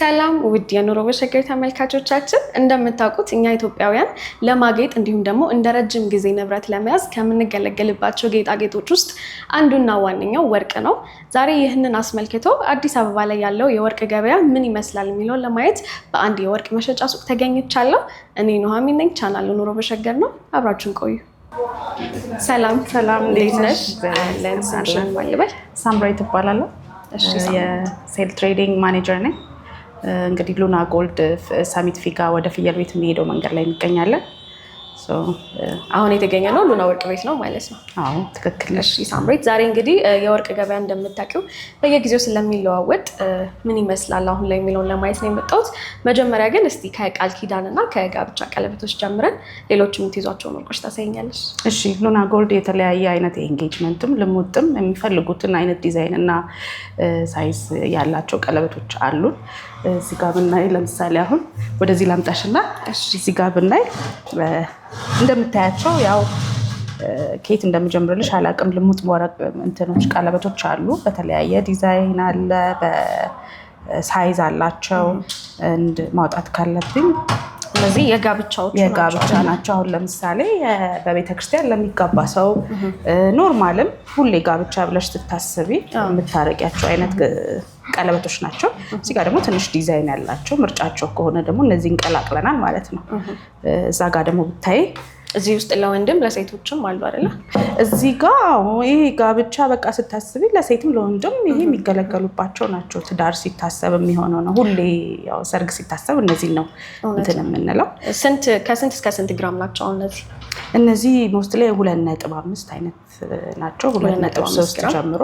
ሰላም ውድ የኑሮ በሸገር ተመልካቾቻችን፣ እንደምታውቁት እኛ ኢትዮጵያውያን ለማጌጥ እንዲሁም ደግሞ እንደ ረጅም ጊዜ ንብረት ለመያዝ ከምንገለገልባቸው ጌጣጌጦች ውስጥ አንዱና ዋነኛው ወርቅ ነው። ዛሬ ይህንን አስመልክቶ አዲስ አበባ ላይ ያለው የወርቅ ገበያ ምን ይመስላል የሚለውን ለማየት በአንድ የወርቅ መሸጫ ሱቅ ተገኝቻለሁ። እኔ ኑሃሚን ነኝ። ቻናሉ ኑሮ በሸገር ነው። አብራችሁን ቆዩ። ሰላም ሰላም፣ እንዴት ነሽ? ሳምራይ ትባላለሁ። የሴል ትሬዲንግ ማኔጀር ነኝ። እንግዲህ ሉና ጎልድ ሳሚት ፊጋ ወደ ፍየል ቤት የሚሄደው መንገድ ላይ እንገኛለን። አሁን የተገኘ ነው ሉና ወርቅ ቤት ነው ማለት ነው። አዎ ትክክል። እሺ ሳምሬት፣ ዛሬ እንግዲህ የወርቅ ገበያ እንደምታውቂው በየጊዜው ስለሚለዋወጥ ምን ይመስላል አሁን ላይ የሚለውን ለማየት ነው የመጣሁት። መጀመሪያ ግን እስቲ ከቃል ኪዳን እና ከጋብቻ ቀለበቶች ጀምረን ሌሎች የምትይዟቸውን ወርቆች ታሳይኛለች። እሺ ሉና ጎልድ የተለያየ አይነት የኢንጌጅመንትም ልሙጥም የሚፈልጉትን አይነት ዲዛይን እና ሳይዝ ያላቸው ቀለበቶች አሉ። እዚህ ጋር ብናይ ለምሳሌ አሁን ወደዚህ ላምጣሽና እዚህ ጋር ብናይ እንደምታያቸው ያው ኬት እንደምጀምርልሽ አላቅም። ልሙጥ ወረቅ እንትኖች ቀለበቶች አሉ። በተለያየ ዲዛይን አለ፣ በሳይዝ አላቸው። ማውጣት ካለብኝ እነዚህ የጋብቻዎች የጋብቻ ናቸው። አሁን ለምሳሌ በቤተክርስቲያን ለሚጋባ ሰው ኖርማልም ሁሌ ጋብቻ ብለሽ ስታስቢ የምታረቂያቸው አይነት ቀለበቶች ናቸው። እዚህ ጋር ደግሞ ትንሽ ዲዛይን ያላቸው ምርጫቸው ከሆነ ደግሞ እነዚህ እንቀላቅለናል ማለት ነው። እዛ ጋር ደግሞ ብታይ እዚህ ውስጥ ለወንድም ለሴቶችም አሉ አይደለ? እዚህ ጋ ይሄ ጋብቻ በቃ ስታስቢ ለሴትም ለወንድም ይሄ የሚገለገሉባቸው ናቸው። ትዳር ሲታሰብ የሚሆነው ነው። ሁሌ ያው ሰርግ ሲታሰብ እነዚህ ነው እንትን የምንለው። ከስንት እስከ ስንት ግራም ናቸው እነዚህ? እነዚህ ሞስት ላይ ሁለት ነጥብ አምስት አይነት ናቸው። ሁለት ነጥብ ሶስት ጀምሮ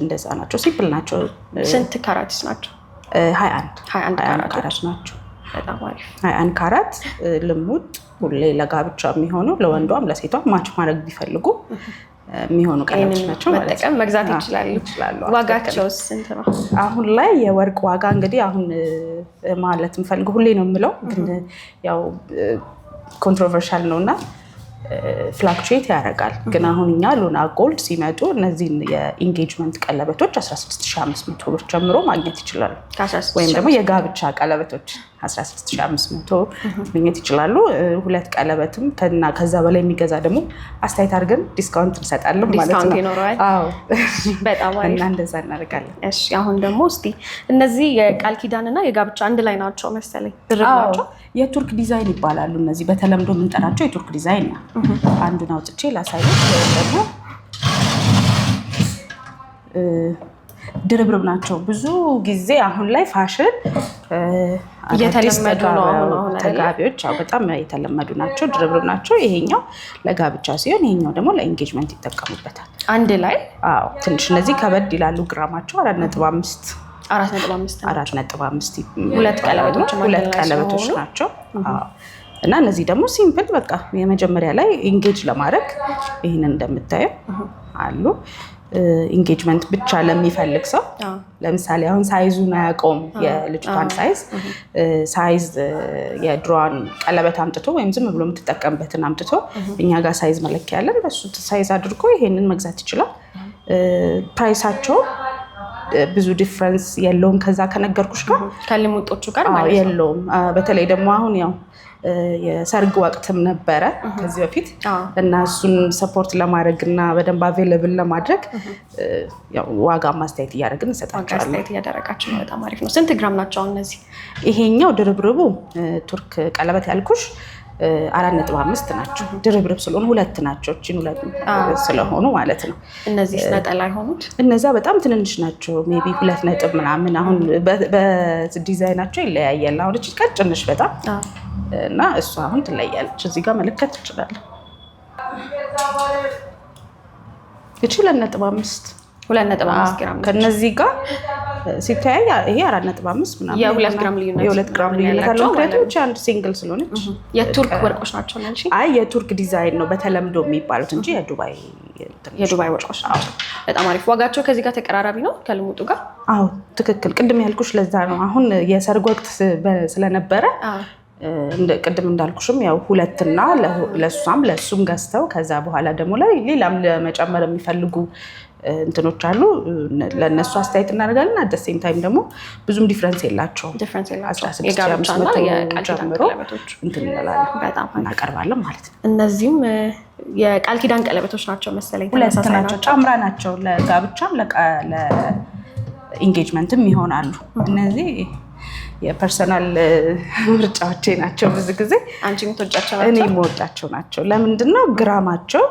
እንደዛ ናቸው። ሲምፕል ናቸው። ስንት ካራትስ ናቸው? ሀያ አንድ ሀያ አንድ ካራት ናቸው። ሀያ አንድ ካራት ልሙጥ ሁሌ ለጋብቻ የሚሆነው ለወንዷም ለሴቷም ማች ማድረግ ቢፈልጉ የሚሆኑ ቀለሞች ናቸው ማለት ነው። መግዛት ይችላሉ። ዋጋቸው ስንት ነው? አሁን ላይ የወርቅ ዋጋ እንግዲህ አሁን ማለት የምፈልገው ሁሌ ነው የምለው፣ ግን ያው ኮንትሮቨርሻል ነው እና ፍላክቹዌት ያደርጋል። ግን አሁን እኛ ሉና ጎልድ ሲመጡ እነዚህን የኢንጌጅመንት ቀለበቶች 16500 ብር ጀምሮ ማግኘት ይችላሉ። ወይም ደግሞ የጋብቻ ቀለበቶች 16500 ማግኘት ይችላሉ። ሁለት ቀለበትም ከና ከዛ በላይ የሚገዛ ደግሞ አስተያየት አድርገን ዲስካውንት እንሰጣለን ማለት ነው። በጣም እና እንደዛ እናደርጋለን። አሁን ደግሞ እስቲ እነዚህ የቃል ኪዳንና የጋብቻ አንድ ላይ ናቸው መሰለኝ ድርግ ናቸው የቱርክ ዲዛይን ይባላሉ። እነዚህ በተለምዶ የምንጠራቸው የቱርክ ዲዛይን ነው። አንዱን አውጥቼ ላሳየት። ወይም ደግሞ ድርብርብ ናቸው። ብዙ ጊዜ አሁን ላይ ፋሽን ተጋቢዎች በጣም የተለመዱ ናቸው። ድርብርብ ናቸው። ይሄኛው ለጋብቻ ሲሆን ይሄኛው ደግሞ ለኤንጌጅመንት ይጠቀሙበታል አንድ ላይ። ትንሽ እነዚህ ከበድ ይላሉ። ግራማቸው አራት ነጥብ አምስት አራት ነጥብ አምስት ሁለት ቀለበቶች ናቸው እና እነዚህ ደግሞ ሲምፕል በቃ የመጀመሪያ ላይ ኢንጌጅ ለማድረግ ይህንን እንደምታየው አሉ። ኢንጌጅመንት ብቻ ለሚፈልግ ሰው ለምሳሌ አሁን ሳይዙን አያውቀውም። የልጅቷን ሳይዝ ሳይዝ የድሮዋን ቀለበት አምጥቶ ወይም ዝም ብሎ የምትጠቀምበትን አምጥቶ እኛ ጋር ሳይዝ መለኪያ ያለን በሱ ሳይዝ አድርጎ ይሄንን መግዛት ይችላል። ፕራይሳቸው ብዙ ዲፍረንስ የለውም ከዛ ከነገርኩሽ ጋር ከልሙጦቹ ጋር ማለት የለውም። በተለይ ደግሞ አሁን ያው የሰርግ ወቅትም ነበረ ከዚህ በፊት እና እሱን ሰፖርት ለማድረግ እና በደንብ አቬለብል ለማድረግ ዋጋ ማስተያየት እያደረግን እንሰጣቸዋለን። አስተያየት እያደረጋችሁ ነው። በጣም አሪፍ ነው። ስንት ግራም ናቸው እነዚህ? ይሄኛው ድርብርቡ ቱርክ ቀለበት ያልኩሽ አራት ነጥብ አምስት ናቸው። ድርብርብ ስለሆኑ ሁለት ናቸው። እችን ሁለት ስለሆኑ ማለት ነው። እነዚህ ነጠላ የሆኑት እነዚያ በጣም ትንንሽ ናቸው። ሜይ ቢ ሁለት ነጥብ ምናምን። አሁን በዲዛይናቸው ይለያያል። አሁን እች ቀጭንሽ በጣም እና እሷ አሁን ትለያለች። እዚህ ጋር መለከት ትችላለህ። እች ሁለት ነጥብ አምስት ሁለት ነጥብ አምስት ግራም ከእነዚህ ጋር ሲተያይ ይሄ አራት ነጥብ አምስት ምናምን የሁለት ግራም ልዩነት አለው። ምክንያቱም ብቻ አንድ ሲንግል ስለሆነች የቱርክ ወርቆች ናቸው። ነው እንጂ አይ የቱርክ ዲዛይን ነው በተለምዶ የሚባሉት እንጂ የዱባይ የዱባይ ወርቆች ናቸው። በጣም አሪፍ። ዋጋቸው ከዚህ ጋር ተቀራራቢ ነው ከልሙጡ ጋር። አዎ ትክክል። ቅድም ያልኩሽ ለዛ ነው። አሁን የሰርግ ወቅት ስለነበረ ቅድም እንዳልኩሽም ያው ሁለትና ለእሷም ለእሱም ገዝተው ከዛ በኋላ ደግሞ ላይ ሌላም ለመጨመር የሚፈልጉ እንትኖች አሉ። ለእነሱ አስተያየት እናደርጋለን። አት ሴም ታይም ደግሞ ብዙም ዲፍረንስ የላቸውም ጀምሮ እንትን እንላለን እናቀርባለን ማለት ነው። እነዚህም የቃል ኪዳን ቀለበቶች ናቸው መሰለኝ። ሁለት ናቸው፣ ጫምራ ናቸው። ለጋብቻም ለኢንጌጅመንትም ይሆናሉ እነዚህ የፐርሰናል ምርጫዎቼ ናቸው። ብዙ ጊዜ አንቺ የምትወጫቸው ናቸው፣ እኔ የምወጫቸው ናቸው። ለምንድን ነው ግራማቸው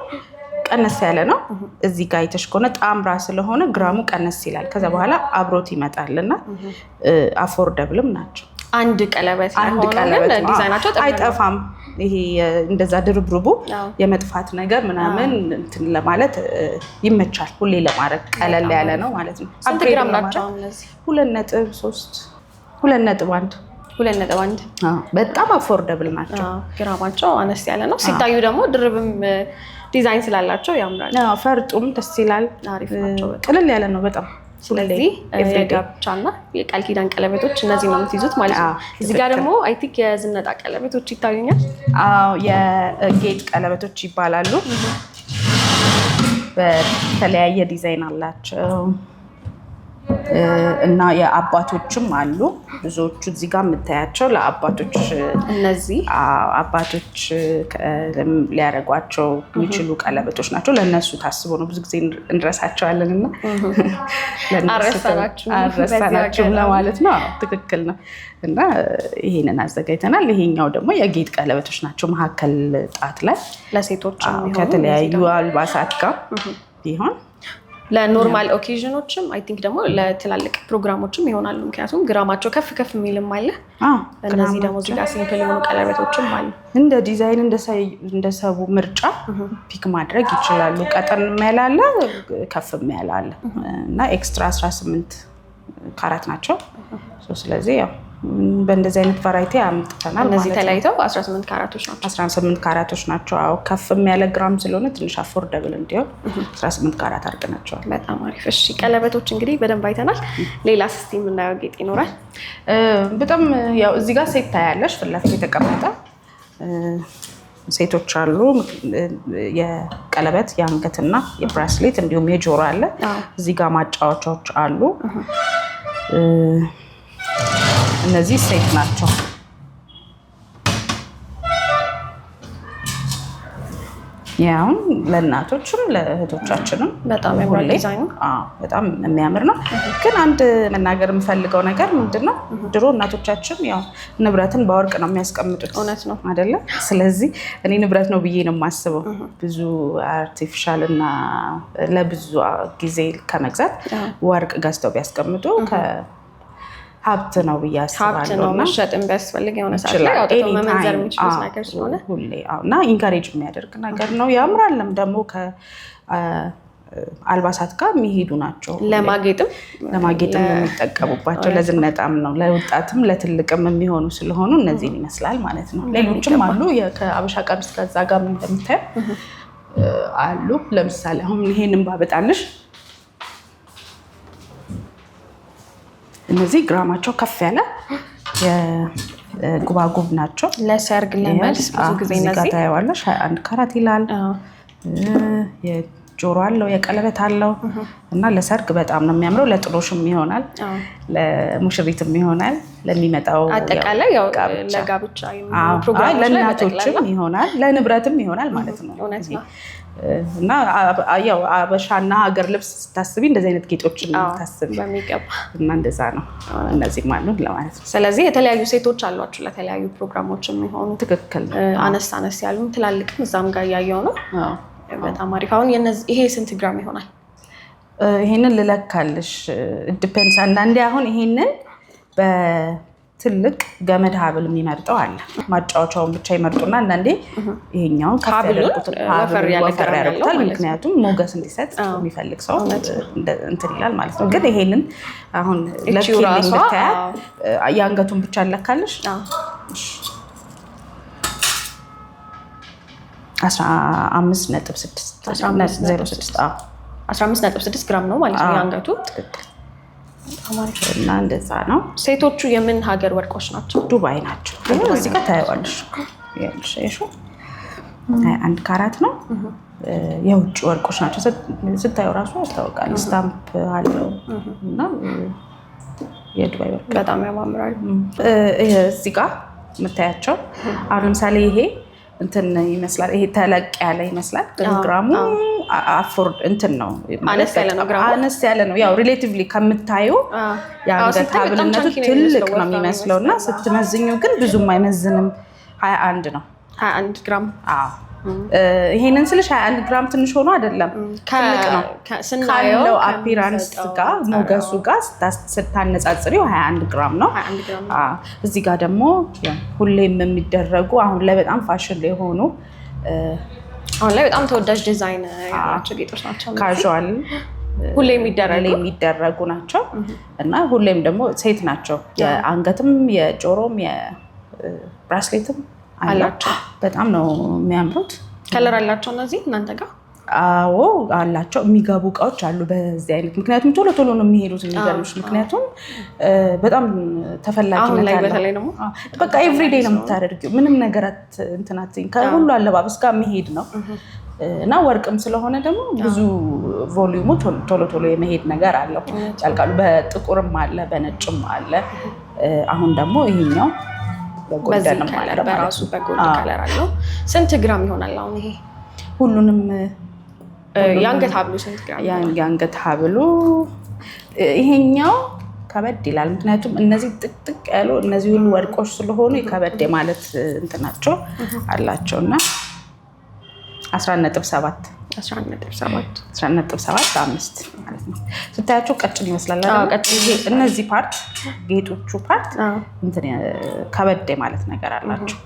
ቀነስ ያለ ነው። እዚህ ጋር አይተሽ ከሆነ ጣምራ ስለሆነ ግራሙ ቀነስ ይላል። ከዛ በኋላ አብሮት ይመጣል እና አፎርደብልም ናቸው። አንድ ቀለበት አንድ ቀለበት አይጠፋም። ይሄ እንደዛ ድርብርቡ የመጥፋት ነገር ምናምን እንትን ለማለት ይመቻል። ሁሌ ለማድረግ ቀለል ያለ ነው ማለት ነው። ሁለት ነጥብ ሶስት ሁለት ነጥብ አንድ ሁለት ነጥብ አንድ በጣም አፎርደብል ናቸው። ግራማቸው አነስ ያለ ነው። ሲታዩ ደግሞ ድርብም ዲዛይን ስላላቸው ያምራል። ፈርጡም ደስ ይላል። ቅልል ያለ ነው በጣም ስለዚህ የጋብቻና የቃል ኪዳን ቀለበቶች እነዚህ ነው የምትይዙት ማለት ነው። እዚህ ጋር ደግሞ አይ ቲንክ የዝነጣ ቀለበቶች ይታዩኛል። አዎ የጌጥ ቀለበቶች ይባላሉ። በተለያየ ዲዛይን አላቸው። እና የአባቶችም አሉ ብዙዎቹ እዚህ ጋር የምታያቸው ለአባቶች እነዚህ አባቶች ሊያደርጓቸው የሚችሉ ቀለበቶች ናቸው። ለእነሱ ታስቦ ነው። ብዙ ጊዜ እንረሳቸዋለን እና አረሳናችሁም ለማለት ነው። ትክክል ነው። እና ይሄንን አዘጋጅተናል። ይሄኛው ደግሞ የጌጥ ቀለበቶች ናቸው። መካከል ጣት ላይ ለሴቶች ከተለያዩ አልባሳት ጋር ቢሆን ለኖርማል ኦኬዥኖችም አይ ቲንክ ደግሞ ለትላልቅ ፕሮግራሞችም ይሆናሉ። ምክንያቱም ግራማቸው ከፍ ከፍ የሚልም አለ። እነዚህ ደግሞ እዚህ ሲምፕል የሆኑ ቀለበቶችም አሉ። እንደ ዲዛይን እንደ ሰቡ ምርጫ ፒክ ማድረግ ይችላሉ። ቀጠን የሚያላለ ከፍ የሚያላለ እና ኤክስትራ 18 ካራት ናቸው። ስለዚህ ያው በእንደዚህ አይነት ቫራይቲ አምጥተናል። እነዚህ ተለያይተው 18 ካራቶች ናቸው። 18 ካራቶች ናቸው። አዎ ከፍም ያለ ግራም ስለሆነ ትንሽ አፎርደብል እንዲሆን 18 ካራት አድርገናቸዋል። በጣም አሪፍ። እሺ ቀለበቶች እንግዲህ በደንብ አይተናል። ሌላ ስስቲ የምናየው ጌጥ ይኖራል። በጣም ያው እዚህ ጋር ሴት ታያለሽ፣ ፊት ለፊት የተቀመጠ ሴቶች አሉ። የቀለበት የአንገትና የብራስሌት እንዲሁም የጆሮ አለ። እዚህ ጋር ማጫወቻዎች አሉ። እነዚህ ሴት ናቸው። ያው ለእናቶችም ለእህቶቻችንም በጣም በጣም የሚያምር ነው። ግን አንድ መናገር የምፈልገው ነገር ምንድን ነው፣ ድሮ እናቶቻችን ያው ንብረትን በወርቅ ነው የሚያስቀምጡት። እውነት ነው አይደለ? ስለዚህ እኔ ንብረት ነው ብዬ ነው የማስበው። ብዙ አርቲፊሻል እና ለብዙ ጊዜ ከመግዛት ወርቅ ገዝተው ቢያስቀምጡ ሀብት ነው ብዬ አስባለሁ ነው መሸጥ የሚያስፈልግ የሆነ ሰዓት ላይ አውጥቶ መመንዘር የሚችሉት ነገር ስለሆነ ሁሌ እና ኢንካሬጅ የሚያደርግ ነገር ነው። ያምራልም ደግሞ አልባሳት ጋር የሚሄዱ ናቸው። ለማጌጥም ለማጌጥም የሚጠቀሙባቸው ለዝነጣም ነው ለወጣትም ለትልቅም የሚሆኑ ስለሆኑ እነዚህን ይመስላል ማለት ነው። ሌሎችም አሉ ከአበሻ ቀሚስ ከዛ ጋር እንደምታየው አሉ። ለምሳሌ አሁን ይሄንን ባበጣልሽ እነዚህ ግራማቸው ከፍ ያለ የጉባጉብ ናቸው። ለሰርግ ለመልስ ብዙ ጊዜ እነዚህ ታየዋለሽ። ሀያ አንድ ካራት ይላል። የጆሮ አለው የቀለበት አለው እና ለሰርግ በጣም ነው የሚያምረው። ለጥሎሽም ይሆናል፣ ለሙሽሪትም ይሆናል፣ ለሚመጣው አጠቃላይ ለጋብቻ ለእናቶችም ይሆናል፣ ለንብረትም ይሆናል ማለት ነው። እና ያው አበሻና ሀገር ልብስ ስታስቢ እንደዚህ አይነት ጌጦችን ታስቢ እና እንደዛ ነው። እነዚህም አሉ ለማለት ነው። ስለዚህ የተለያዩ ሴቶች አሏችሁ ለተለያዩ ፕሮግራሞች የሚሆኑ ትክክል አነስ አነስ ያሉ ትላልቅም እዛም ጋር እያየው ነው። በጣም አሪፍ። አሁን ይሄ ስንት ግራም ይሆናል? ይሄንን ልለካልሽ። ዲፔንስ አንዳንዴ አሁን ይሄንን ትልቅ ገመድ ሀብል የሚመርጠው አለ። ማጫወቻውን ብቻ ይመርጡና አንዳንዴ ይሄኛውን ከፍ ያደርጉታል። ምክንያቱም ሞገስ እንዲሰጥ የሚፈልግ ሰው እንትን ይላል ማለት ነው። ግን ይሄንን አሁን ለኪሊንግ ብታያ የአንገቱን ብቻ እንለካለሽ። አስራ አምስት ነጥብ ስድስት ግራም ነው ማለት ነው የአንገቱ እና እንደዛ ነው። ሴቶቹ የምን ሀገር ወርቆች ናቸው? ዱባይ ናቸው። እዚህ ጋር ታየዋለሽ። አንድ ካራት ነው። የውጭ ወርቆች ናቸው። ስታየው ራሱ ያስታውቃል። ስታምፕ አለው እና የዱባይ ወርቅ በጣም ያማምራል። እዚህ ጋር የምታያቸው አሁን ለምሳሌ ይሄ እንትን ይመስላል። ይሄ ተለቅ ያለ ይመስላል ግራሙ አፎርድ እንትን ነው አነስ ያለ ነው። ያው ሪሌቲቭሊ ከምታዩ የአንገት ሀብልነቱ ትልቅ ነው የሚመስለው እና ስትመዝኙ ግን ብዙም አይመዝንም። ሀያ አንድ ነው ሀያ አንድ ግራም ይሄንን ስልሽ ሀያ አንድ ግራም ትንሽ ሆኖ አይደለም፣ ትልቅ ነው ካለው አፒራንስ ጋር ሞገሱ ጋር ስታነጻጽሪው ሀያ አንድ ግራም ነው። እዚህ ጋር ደግሞ ሁሌም የሚደረጉ አሁን ላይ በጣም ፋሽን ላይ የሆኑ አሁን ላይ በጣም ተወዳጅ ዲዛይን ያላቸው ጌጦች ናቸው። ካዥዋል ሁሌ የሚደረጉ ናቸው እና ሁሌም ደግሞ ሴት ናቸው። የአንገትም የጆሮም የብራስሌትም አላቸው። በጣም ነው የሚያምሩት። ከለር አላቸው እነዚህ እናንተ ጋር አዎ አላቸው። የሚገቡ እቃዎች አሉ በዚህ አይነት ምክንያቱም ቶሎ ቶሎ ነው የሚሄዱት የሚገርምሽ። ምክንያቱም በጣም ተፈላጊነት በቃ ነው የምታደርጊው። ምንም ነገራት እንትናት ከሁሉ አለባበስ ጋር መሄድ ነው እና ወርቅም ስለሆነ ደግሞ ብዙ ቮሊዩሙ ቶሎ ቶሎ የመሄድ ነገር አለው። ጨልቃሉ በጥቁርም አለ በነጭም አለ። አሁን ደግሞ ይሄኛው በጎልደንም አለ በራሱ በጎልድ ከለር አለው። ስንት ግራም ይሆናል አሁን ይሄ ሁሉንም የአንገት ሀብሉ ስንት ግራም? የአንገት ሀብሉ ይሄኛው ከበድ ይላል። ምክንያቱም እነዚህ ጥቅጥቅ ያሉ እነዚህ ሁሉ ወርቆች ስለሆኑ ከበድ ማለት እንትናቸው አላቸው እና አስራ ነጥብ ሰባት ሰባት አምስት ማለት ነው። ስታያቸው ቀጭን ይመስላል። እነዚህ ፓርት ጌጦቹ ፓርት ከበደ ማለት ነገር አላቸው፣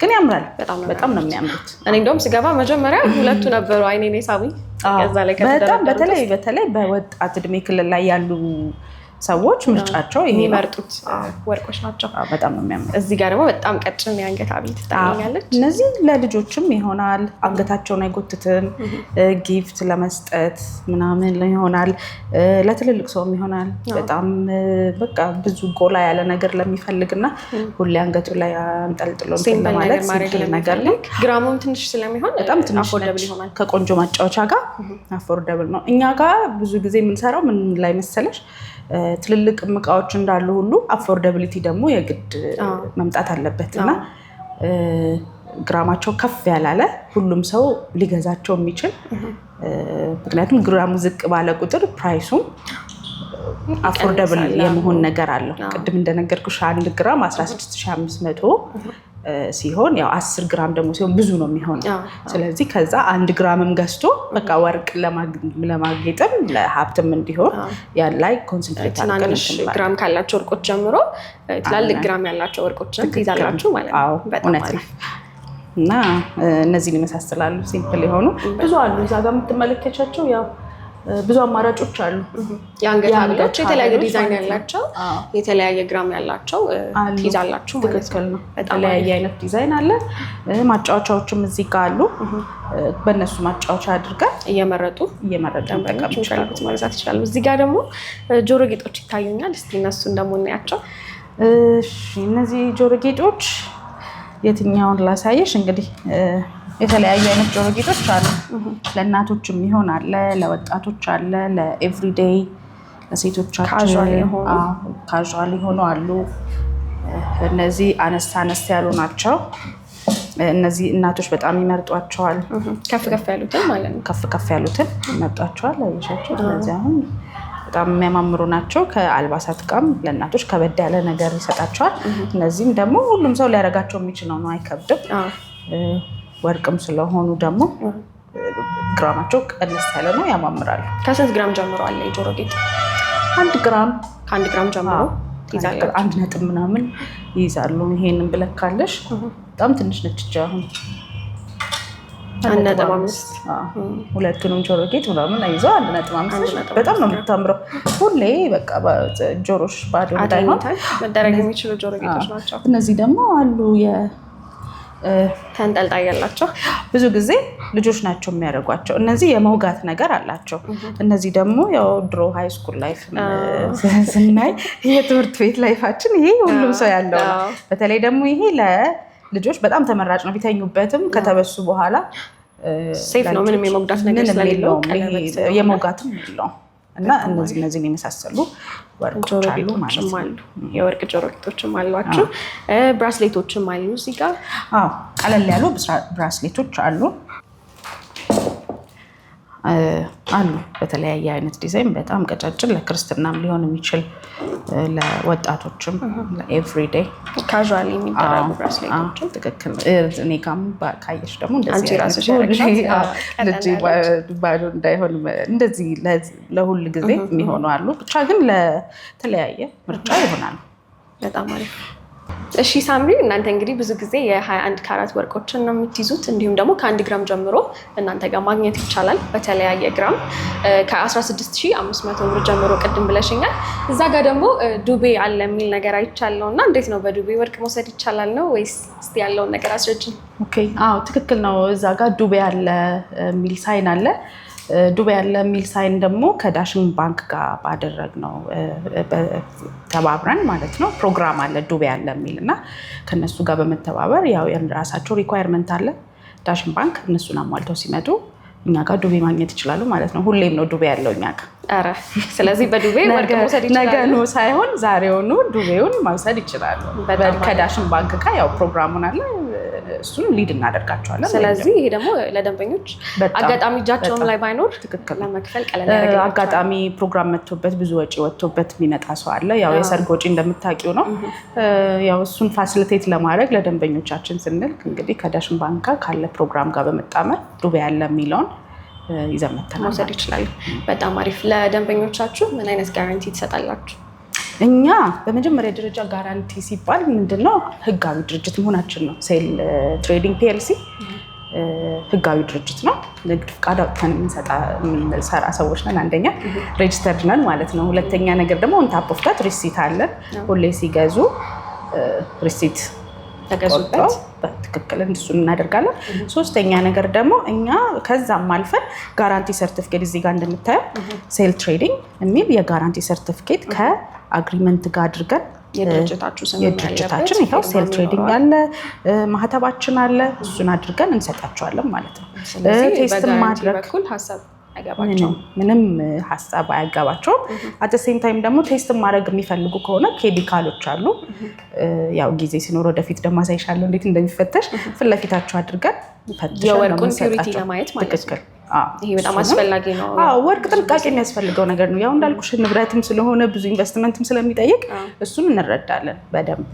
ግን ያምራል። በጣም ነው የሚያምሩት። እኔ እንደውም ስገባ መጀመሪያ ሁለቱ ነበሩ አይኔ ሳቢ በጣም በተለይ በተለይ በወጣት እድሜ ክልል ላይ ያሉ ሰዎች ምርጫቸው የሚመርጡት ወርቆች ናቸው። በጣም ነው የሚያምሩ። እዚህ ጋር ደግሞ በጣም ቀጭን የአንገት ሐብል ትታገኛለች። እነዚህ ለልጆችም ይሆናል፣ አንገታቸውን አይጎትትም፣ ጊፍት ለመስጠት ምናምን ይሆናል፣ ለትልልቅ ሰውም ይሆናል። በጣም በቃ ብዙ ጎላ ያለ ነገር ለሚፈልግ እና ሁሌ አንገቱ ላይ አንጠልጥሎ ለማለት ሲል ነገር ነው። ግራሙም ትንሽ ስለሚሆን በጣም ትንሽ ከቆንጆ ማጫወቻ ጋር አፎርደብል ነው። እኛ ጋር ብዙ ጊዜ የምንሰራው ምን ላይ መሰለሽ ትልልቅ እቃዎች እንዳሉ ሁሉ አፎርደብሊቲ ደግሞ የግድ መምጣት አለበት እና ግራማቸው ከፍ ያላለ ሁሉም ሰው ሊገዛቸው የሚችል ምክንያቱም ግራሙ ዝቅ ባለ ቁጥር ፕራይሱም አፎርደብል የመሆን ነገር አለው። ቅድም እንደነገርኩሽ አንድ ግራም 16500 ሲሆን ያው አስር ግራም ደግሞ ሲሆን ብዙ ነው የሚሆነው። ስለዚህ ከዛ አንድ ግራምም ገዝቶ በቃ ወርቅ ለማጌጥም ለሀብትም እንዲሆን ያን ላይ ኮንሰንትሬት ትናንሽ ግራም ካላቸው ወርቆች ጀምሮ ትላልቅ ግራም ያላቸው ወርቆችን ትይዛላችሁ ማለት ነው። እውነት ነው። እና እነዚህን ይመሳስላሉ። ሲምፕል የሆኑ ብዙ አሉ እዛ ጋር የምትመለከቻቸው ያው ብዙ አማራጮች አሉ። የአንገት ሀብሎች የተለያየ ዲዛይን ያላቸው የተለያየ ግራም ያላቸው አላቸው። ትክክል ነው። የተለያየ አይነት ዲዛይን አለ። ማጫወቻዎችም እዚህ ጋር አሉ። በእነሱ ማጫወቻ አድርገን እየመረጡ እየመረጡ መግዛት ይችላሉ። እዚህ ጋር ደግሞ ጆሮ ጌጦች ይታዩኛል። እስኪ እነሱ ደግሞ እናያቸው። እነዚህ ጆሮ ጌጦች የትኛውን ላሳየሽ እንግዲህ የተለያዩ አይነት ጆሮ ጌጦች አሉ። ለእናቶች ይሆን አለ፣ ለወጣቶች አለ፣ ለኤቭሪዴይ ለሴቶቻችን ካዥዋል የሆኑ አሉ። እነዚህ አነስ አነስ ያሉ ናቸው። እነዚህ እናቶች በጣም ይመርጧቸዋል። ከፍ ከፍ ያሉትን ማለት ነው። ከፍ ከፍ ያሉትን ይመርጧቸዋል። አየሻቸው። ስለዚህ አሁን በጣም የሚያማምሩ ናቸው። ከአልባሳት ቃም ለእናቶች ከበድ ያለ ነገር ይሰጣቸዋል። እነዚህም ደግሞ ሁሉም ሰው ሊያደርጋቸው የሚችለው ነው፣ አይከብድም ወርቅም ስለሆኑ ደግሞ ግራማቸው ቀንስ ያለ ነው፣ ያማምራሉ። ከስንት ግራም ጀምሮ አለ የጆሮ ጌጥ? አንድ ግራም ከአንድ ግራም ጀምሮ አንድ ነጥብ ምናምን ይይዛሉ። ይሄንን ብለካለሽ በጣም ትንሽ ነች እጃ አሁን ሁለቱንም ጆሮ ጌጥ ምናምን ይዘው አንድ ነጥብ አምስት በጣም ነው የምታምረው። ሁሌ በቃ ጆሮሽ ባዶ መደረግ የሚችሉ ጆሮ ጌጦች ናቸው እነዚህ ደግሞ አሉ ተንጠልጣይ ያላቸው ብዙ ጊዜ ልጆች ናቸው የሚያደርጓቸው። እነዚህ የመውጋት ነገር አላቸው። እነዚህ ደግሞ ያው ድሮ ሃይ ስኩል ላይፍ ስናይ የትምህርት ቤት ላይፋችን ይሄ ሁሉም ሰው ያለው ነው። በተለይ ደግሞ ይሄ ለልጆች በጣም ተመራጭ ነው። ቢተኙበትም ከተበሱ በኋላ ሴፍ ነው። ምንም የመጉዳት ነገር ስለሌለው የመውጋትም የለውም። እና እነዚህ እነዚህን የመሳሰሉ ወርቆች አሉ ማለት የወርቅ ጆሮ ጌጦችም አሏችሁ፣ ብራስሌቶችም አሉ እዚህ ጋር። ቀለል ያሉ ብራስሌቶች አሉ። አሉ። በተለያየ አይነት ዲዛይን በጣም ቀጫጭን ለክርስትናም ሊሆን የሚችል ለወጣቶችም ኤቭሪዴይ ካዥዋል የሚደረጉ ብራስሌቶችም ትክክል። እኔ ጋም ካየሽ ደግሞ ባዶ እንዳይሆን እንደዚህ ለሁል ጊዜ የሚሆኑ አሉ። ብቻ ግን ለተለያየ ምርጫ ይሆናል በጣም አሪፍ እሺ ሳምሪ፣ እናንተ እንግዲህ ብዙ ጊዜ የ21 ካራት ወርቆችን ነው የምትይዙት። እንዲሁም ደግሞ ከአንድ ግራም ጀምሮ እናንተ ጋር ማግኘት ይቻላል። በተለያየ ግራም ከ16500 ብር ጀምሮ ቅድም ብለሽኛል። እዛ ጋር ደግሞ ዱቤ አለ የሚል ነገር አይቻለው እና እንዴት ነው በዱቤ ወርቅ መውሰድ ይቻላል ነው ወይስ? እስቲ ያለውን ነገር አስረጅን። ኦኬ፣ አዎ ትክክል ነው። እዛ ጋር ዱቤ አለ የሚል ሳይን አለ ዱባይ ያለ የሚል ሳይን ደግሞ ከዳሽን ባንክ ጋር ባደረግ ነው ተባብረን ማለት ነው ፕሮግራም አለ ዱባይ ያለ የሚል እና ከነሱ ጋር በመተባበር ያው የራሳቸው ሪኳየርመንት አለ። ዳሽን ባንክ እነሱን አሟልተው ሲመጡ እኛ ጋር ዱቤ ማግኘት ይችላሉ ማለት ነው። ሁሌም ነው ዱቤ ያለው እኛ ጋር። ስለዚህ በዱቤ ወርቅ መውሰድ ይችላሉ። ነገኑ ሳይሆን ዛሬውኑ ዱቤውን መውሰድ ይችላሉ። ከዳሽን ባንክ ጋር ያው ፕሮግራሙን አለ እሱን ሊድ እናደርጋቸዋለን። ስለዚህ ይሄ ደግሞ ለደንበኞች አጋጣሚ እጃቸውም ላይ ባይኖር ለመክፈል ቀለል ያደርጋል። አጋጣሚ ፕሮግራም መጥቶበት ብዙ ወጪ ወጥቶበት የሚመጣ ሰው አለ። ያው የሰርግ ወጪ እንደምታውቂው ነው። ያው እሱን ፋሲሊቴት ለማድረግ ለደንበኞቻችን ስንል እንግዲህ ከዳሽን ባንክ ጋር ካለ ፕሮግራም ጋር በመጣመር ዱቤ ያለ የሚለውን ይዘመተናል መውሰድ ይችላሉ። በጣም አሪፍ። ለደንበኞቻችሁ ምን አይነት ጋራንቲ ትሰጣላችሁ? እኛ በመጀመሪያ ደረጃ ጋራንቲ ሲባል ምንድነው ህጋዊ ድርጅት መሆናችን ነው። ሴል ትሬዲንግ ፒኤልሲ ህጋዊ ድርጅት ነው። ንግድ ፍቃድ አውጥተን የምንሰራ ሰዎች ነን። አንደኛ ሬጅስተርድ ነን ማለት ነው። ሁለተኛ ነገር ደግሞ ኦንታፕ ኦፍ ዳት ሪሲት አለን። ሁሌ ሲገዙ ሪሲት ተገዙበት በትክክል እናደርጋለን። ሶስተኛ ነገር ደግሞ እኛ ከዛም አልፈን ጋራንቲ ሰርቲፊኬት እዚህ ጋር እንደምታየው ሴል ትሬዲንግ የሚል የጋራንቲ ሰርቲፊኬት ከ አግሪመንት ጋር አድርገን የድርጅታችን ይኸው ሴል ትሬዲንግ አለ፣ ማህተባችን አለ። እሱን አድርገን እንሰጣቸዋለን ማለት ነው። ቴስት ማድረግ ምንም ሀሳብ አያጋባቸውም። አት ሴም ታይም ደግሞ ቴስት ማድረግ የሚፈልጉ ከሆነ ኬሚካሎች አሉ። ያው ጊዜ ሲኖር ወደፊት ደግሞ አሳይሻለሁ እንዴት እንደሚፈተሽ ፊት ለፊታቸው አድርገን የወርቁን ፒውሪቲ ለማየት ማለት ይሄ በጣም አስፈላጊ ነው። ወርቅ ጥንቃቄ የሚያስፈልገው ነገር ነው። ያው እንዳልኩሽ ንብረትም ስለሆነ ብዙ ኢንቨስትመንትም ስለሚጠይቅ እሱን እንረዳለን በደንብ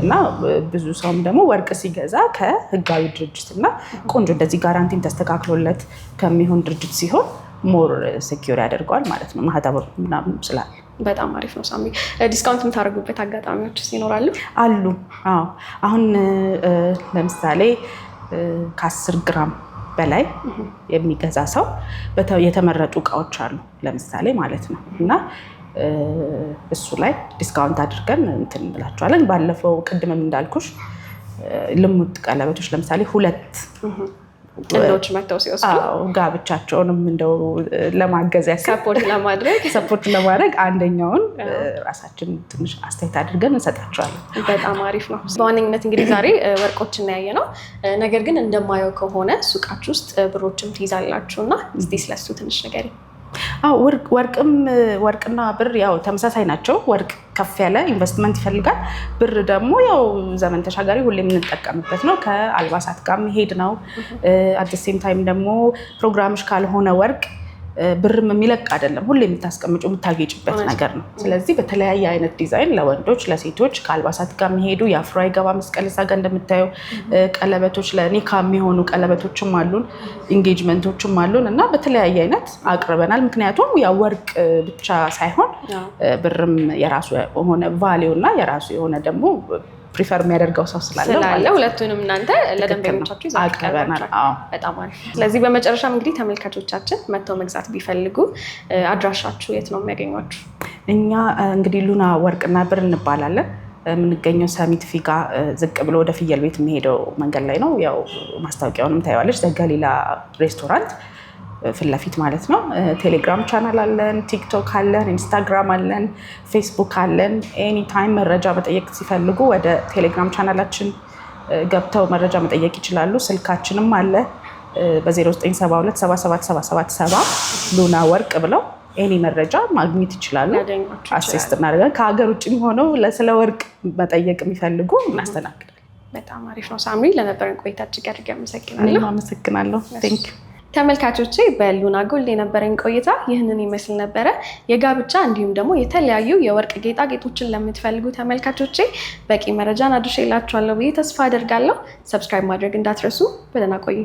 እና ብዙ ሰውም ደግሞ ወርቅ ሲገዛ ከህጋዊ ድርጅት እና ቆንጆ እንደዚህ ጋራንቲን ተስተካክሎለት ከሚሆን ድርጅት ሲሆን ሞር ሴኪር ያደርገዋል ማለት ነው። ማህተብ ምናምን ስላለ በጣም አሪፍ ነው። ሳሚ ዲስካውንት የምታደርጉበት አጋጣሚዎች ይኖራሉ? አሉ። አሁን ለምሳሌ ከአስር ግራም በላይ የሚገዛ ሰው የተመረጡ እቃዎች አሉ ለምሳሌ ማለት ነው እና እሱ ላይ ዲስካውንት አድርገን እንትን እንላቸዋለን። ባለፈው ቅድምም እንዳልኩሽ ልሙጥ ቀለበቶች ለምሳሌ ሁለት ጥንዶች መጥተው ሲወስዱ ጋብቻቸውንም እንደው ለማገዝ ሰፖርት ለማድረግ ሰፖርት ለማድረግ አንደኛውን ራሳችን ትንሽ አስተያየት አድርገን እንሰጣቸዋለን። በጣም አሪፍ ነው። በዋነኝነት እንግዲህ ዛሬ ወርቆች እናያየ ነው። ነገር ግን እንደማየው ከሆነ ሱቃች ውስጥ ብሮችም ትይዛላችሁ እና ስለሱ ትንሽ ነገር ወርቅም ወርቅና ብር ያው ተመሳሳይ ናቸው። ወርቅ ከፍ ያለ ኢንቨስትመንት ይፈልጋል። ብር ደግሞ ያው ዘመን ተሻጋሪ ሁሌ የምንጠቀምበት ነው። ከአልባሳት ጋር መሄድ ነው። አት ሴም ታይም ደግሞ ፕሮግራምሽ ካልሆነ ወርቅ ብርም የሚለቅ አይደለም። ሁሌ የምታስቀምጪው የምታጌጭበት ነገር ነው። ስለዚህ በተለያየ አይነት ዲዛይን ለወንዶች፣ ለሴቶች ከአልባሳት ጋር የሚሄዱ የአፍሮ አይገባ መስቀል እዛ ጋር እንደምታየው ቀለበቶች፣ ለኒካ የሚሆኑ ቀለበቶችም አሉን፣ ኢንጌጅመንቶችም አሉን እና በተለያየ አይነት አቅርበናል። ምክንያቱም ያ ወርቅ ብቻ ሳይሆን ብርም የራሱ የሆነ ቫሌው እና የራሱ የሆነ ደግሞ ፕሪፈር የሚያደርገው ሰው ስላለ ሁለቱንም እናንተ ለደንበኞቻችሁ ይዘቀበናል። በጣም አሪፍ። ስለዚህ በመጨረሻም እንግዲህ ተመልካቾቻችን መጥተው መግዛት ቢፈልጉ አድራሻችሁ የት ነው የሚያገኟችሁ? እኛ እንግዲህ ሉና ወርቅና ብር እንባላለን። የምንገኘው ሰሚት ፊጋ ዝቅ ብሎ ወደ ፍየል ቤት የሚሄደው መንገድ ላይ ነው። ያው ማስታወቂያውንም ታየዋለች። ዘጋሊላ ሬስቶራንት ፊት ለፊት ማለት ነው። ቴሌግራም ቻናል አለን፣ ቲክቶክ አለን፣ ኢንስታግራም አለን፣ ፌስቡክ አለን። ኤኒ ታይም መረጃ መጠየቅ ሲፈልጉ ወደ ቴሌግራም ቻናላችን ገብተው መረጃ መጠየቅ ይችላሉ። ስልካችንም አለ በ0972777770 ሉና ወርቅ ብለው ኤኒ መረጃ ማግኘት ይችላሉ። አሴስት እናደርጋለን። ከሀገር ውጭም ሆነው ስለ ወርቅ መጠየቅ የሚፈልጉ እናስተናግዳለን። በጣም አሪፍ ነው። ሳምሪ ለነበረን ቆይታ እጅግ አድርጌ አመሰግናለሁ። አመሰግናለሁ። ቴንክ ዩ ተመልካቾቼ በሉና ጎልድ የነበረኝ ቆይታ ይህንን ይመስል ነበረ። የጋብቻ እንዲሁም ደግሞ የተለያዩ የወርቅ ጌጣጌጦችን ለምትፈልጉ ተመልካቾቼ በቂ መረጃን አድርሼላችኋለሁ ብዬ ተስፋ አደርጋለሁ። ሰብስክራይብ ማድረግ እንዳትረሱ። በደህና ቆዩ።